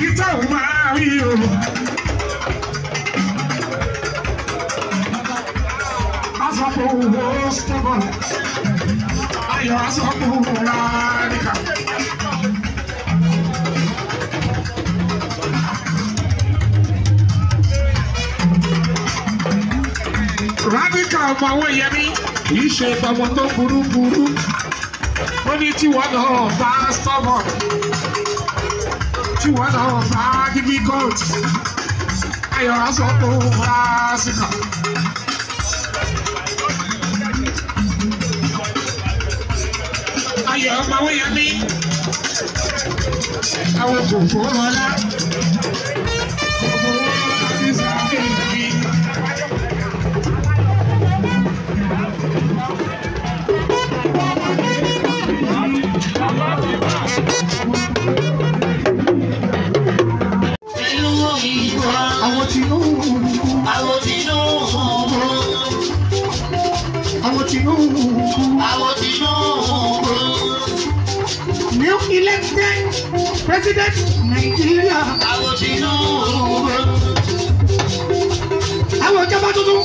ìtọ́ ò máa rí o. asọ́pọ̀ owó stọ́bọ̀ ayọ̀ asọ́pọ̀ owó rárá. rádíkà ọmọ àwọn yẹmí kì í ṣe ìpamọ́ tó burú burú ó ní tí wọ́n náà bá stọ́bọ̀ tí wọ́n lọ bá difficult ayọ̀ aṣọ tó wá síkà. ayọ̀ pawó yẹn ní àwọn kòkó ọ̀la. àwọn Tinubu àwọn Tinubu àwọn Tinubu. new elected president Nigeria. àwọn Tinubu. àwọn ìjọba tuntun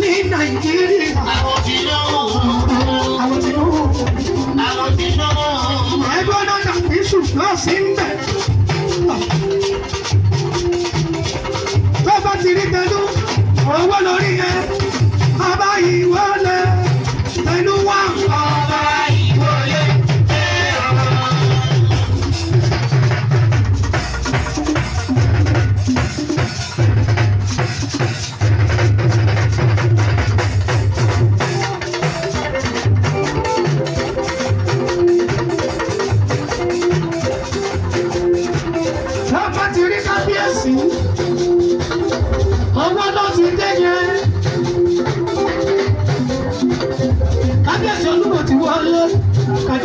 ní Nàìjíríà. àwọn Tinubu. àwọn Tinubu. àwọn Tinubu. ẹgbẹ́ ọ̀dọ́ ìṣùgbọ́n sí ń bẹ̀.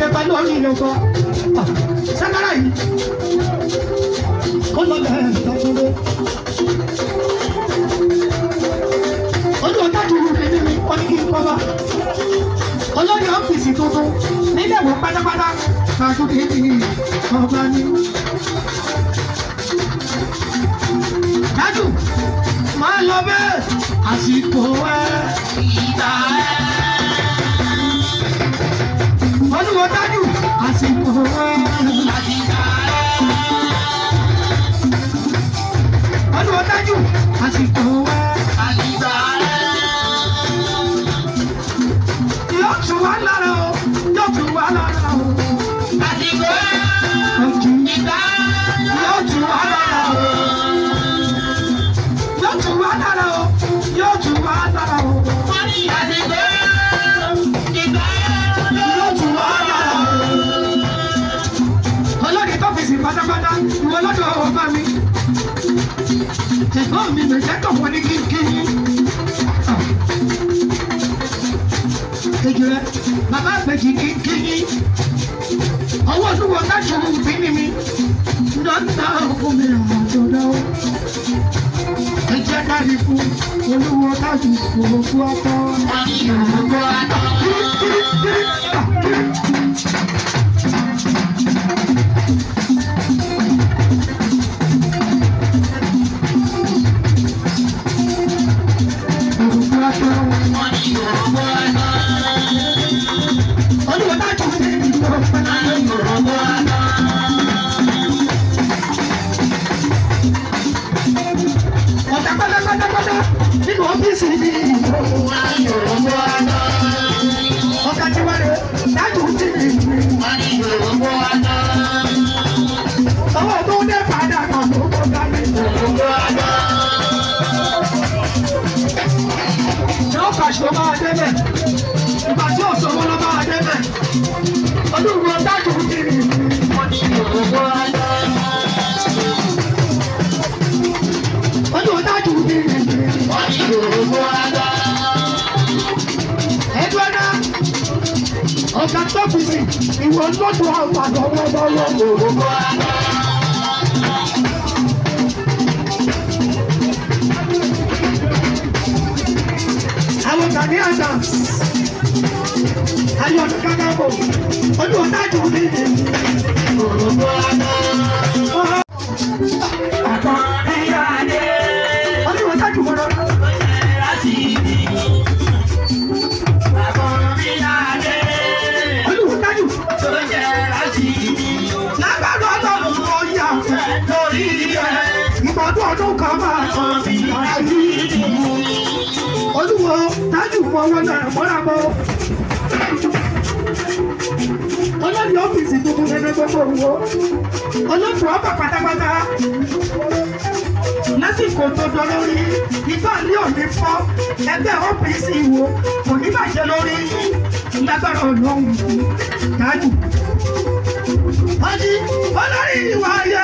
tẹ pẹ̀lú ọyún ilé ọkọ sakara yìí kó lọ bẹ̀rẹ̀ lọ́kúnlé. olùwọ́tá tó wù mí mi wọ́n ní kí n kọ́ bá olórí ọ́fíìsì tuntun nílé ìwé pátápátá kàtó kéde ọba ní. dájú máa lọ bẹ́ẹ̀ àsìkò ẹ̀ ìta ẹ̀. tù wá dára o yóò tù wá dára o. wọ́n ní àdìgbò ìgbà yóò tù wá dára o. olórí tọ́fíìsì pátápátá ìwọ lọ́dọ̀ ọba mi. ẹ̀gbọ́n mi lè jẹ́ tọ̀wọ́ ní kíkí. kejì rẹ bàbá àgbèjì kíkí yín ọwọ́ olúwo láti ohun ìbí ni mi. dọ́kítà jẹ́ ká ní fún olúwo ká sì kúrò fún ọkọ. Àṣà ń bọ̀ àtọ̀. àṣọ máa débẹ̀ ìgbà tí ò sọmọ lọ máa débẹ̀ olúwo dájú kiri wọn ni òwò ayé. olúwo dájú kiri wọn ni òwò ayé. ẹgbẹ́ná ọ̀gá tó kù sí ìwọ lọ́dún àgbàdo ọmọ ọmọ ọmọ òwò ayé. Gani Adams Ayọ̀dún Kakańbò Olúwọ̀tá Jùmí. Òrògbó Adá. Àkọ́rẹ́ Adé. Olúwọ̀tá Jùmọ̀ lọ. ọdún kan máa. Láti ibi olúwo tájù fọwọ́ náà mọ́ra mọ́ olórí ọ́fíìsì tuntun gẹ́gẹ́ gbogbo òwò olóòtú ọkọ̀ pátápátá lásìkò tó dán lórí ìgbà ní òní fọ́ ẹgbẹ́ ọ́fíìsì ìwò kò ní bàjẹ́ lórí yín lágbára ọlọ́run tájù. wọ́n ní olórí ìwà ayé.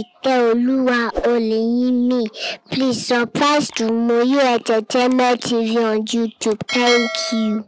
Iteoluwa Oluyimi. Please subscribe to Moyo Entertainment TV on YouTube. Thank you.